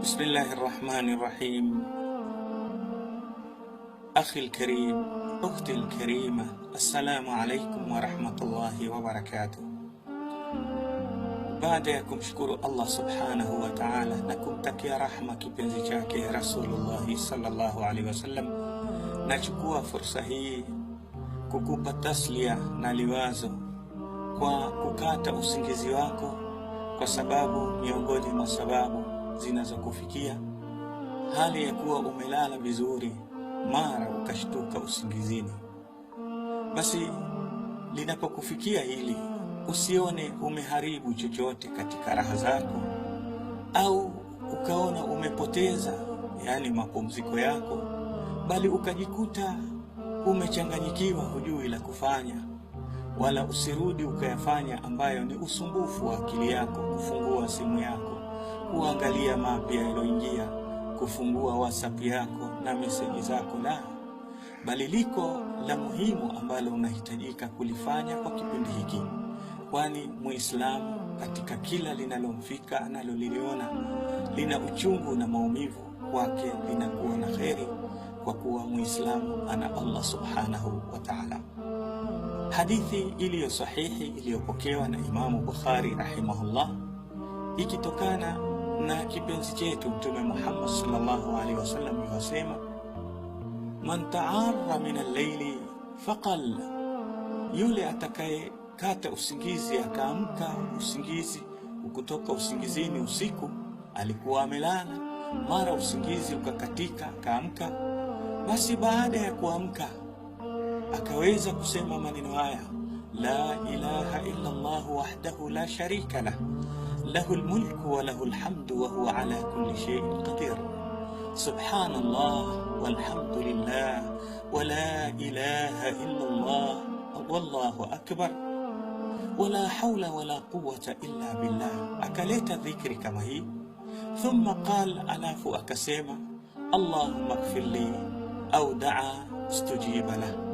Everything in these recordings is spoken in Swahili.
بسم الله الرحمن الرحيم أخي الكريم أختي الكريمة السلام عليكم ورحمة الله وبركاته بعدكم شكر الله سبحانه وتعالى نكم تكي رحمة بنزجاك رسول الله صلى الله عليه وسلم نشكوى فرصة هي تسلية تسليا نالوازو kwa kukata usingizi wako kwa sababu zinazokufikia hali ya kuwa umelala vizuri, mara ukashtuka usingizini. Basi linapokufikia hili, usione umeharibu chochote katika raha zako, au ukaona umepoteza yaani mapumziko yako, bali ukajikuta umechanganyikiwa, hujui la kufanya, wala usirudi ukayafanya ambayo ni usumbufu wa akili yako, kufungua simu yako kuangalia mapya yaloingia kufungua WhatsApp yako na meseji zako, la badiliko la muhimu ambalo unahitajika kulifanya kwa kipindi hiki, kwani Muislamu katika kila linalomfika analoliliona lina uchungu na maumivu, kwake linakuwa na kheri, kwa kuwa Muislamu ana Allah subhanahu wa ta'ala. Hadithi iliyo sahihi iliyopokewa na Imamu Bukhari rahimahullah ikitokana na kipenzi chetu. Mtume Muhammad sallallahu alaihi wasallam yuwasema, man taarra min al-layli faqal, yule atakayekata usingizi akaamka usingizi ukutoka usingizini usiku, alikuwa amelala, mara usingizi ukakatika akaamka, basi baada ya kuamka akaweza kusema maneno haya, la ilaha illa Allah wahdahu la sharika lah له الملك وله الحمد وهو على كل شيء قدير سبحان الله والحمد لله ولا إله إلا الله والله أكبر ولا حول ولا قوة إلا بالله akaleta كما هي ثم قال qal alafu اللهم اغفر لي أو دعا استجيب له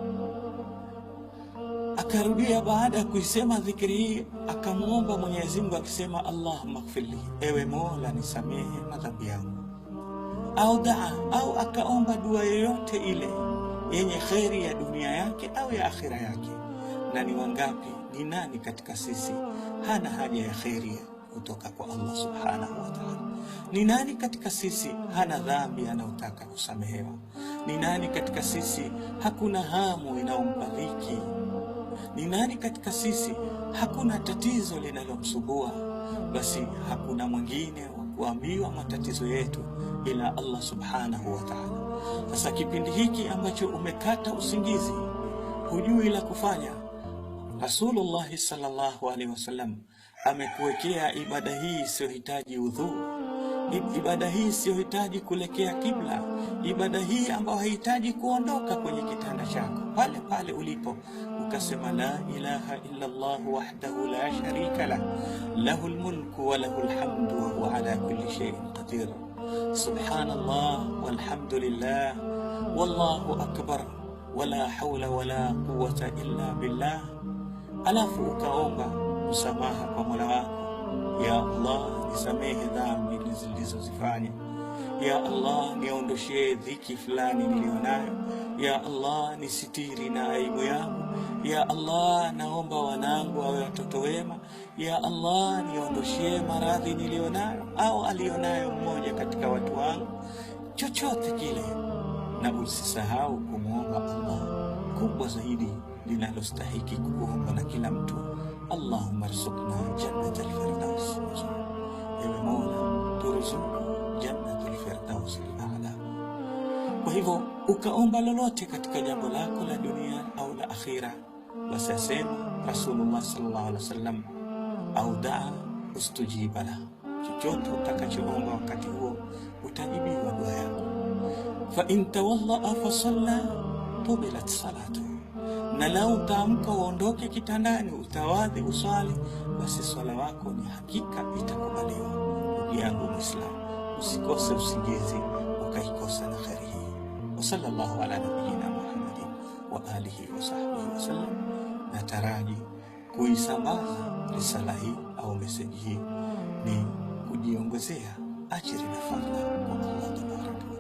Akarudia baada ya kuisema dhikri hii, akamwomba Mwenyezi Mungu akisema, Allahumma ighfirli, ewe Mola nisamehe madhambi yangu. Au daa au akaomba dua yoyote ile yenye kheri ya dunia yake au ya akhira yake. Na ni wangapi, ni nani katika sisi hana haja ya kheri kutoka kwa Allah subhanahu wa ta'ala? Ni nani katika sisi hana dhambi anayotaka kusamehewa? Ni nani katika sisi hakuna hamu inayompa dhiki ni nani katika sisi hakuna tatizo linalomsugua basi hakuna mwingine wa kuambiwa matatizo yetu ila Allah subhanahu wa ta'ala. Sasa kipindi hiki ambacho umekata usingizi, hujui la kufanya, Rasulullah sallallahu alaihi wasallam amekuwekea ibada hii isiyohitaji udhuu Ibada hii isiyohitaji kuelekea kibla, ibada hii ambayo haihitaji kuondoka kwenye kitanda chako, pale pale ulipo ukasema la ilaha illa Allah wahdahu la sharika lah lahu lmulku wa lahu lhamdu wa huwa ala kulli shay'in qadir subhanallah walhamdulillah wallahu akbar wala hawla wala quwwata illa billah. Alafu ukaomba msamaha kwa Mola wako ya Allah, nisamehe dhambi zilizozifanya. Ya Allah, niondoshee dhiki fulani niliyonayo. Ya Allah, nisitiri na aibu yangu. Ya Allah, naomba wanangu awe watoto wema. Ya Allah, niondoshee maradhi niliyonayo au aliyonayo mmoja katika watu wangu, chochote kile, na usisahau kumwomba Allah kubwa zaidi linalostahiki kukuomba na kila mtu, Allahumma rzuqna jannat alfirdaus, ewe Mola turuzuku jannat alfirdaus ala. Kwa hivyo ukaomba lolote katika jambo lako la dunia au la akhira, basi asema Rasulullah sallallahu alaihi wasallam, au daa ustujiba lah, chochote utakachoomba wakati huo utajibiwa dua yako. fa in tawalla tubu salatu, na lau utaamka uondoke kitandani utawadhi uswali, basi swala wako ni hakika itakubaliwa. Ndugu yangu Muislamu, usikose usingizi ukaikosa na kheri hii. Wa sallallahu ala nabiyina Muhammadin wa alihi wa sahbihi sallam. Nataraji kuisambaza risala hii au meseji hii ni kujiongezea ajiri na fadhila kwa Allah tabaraka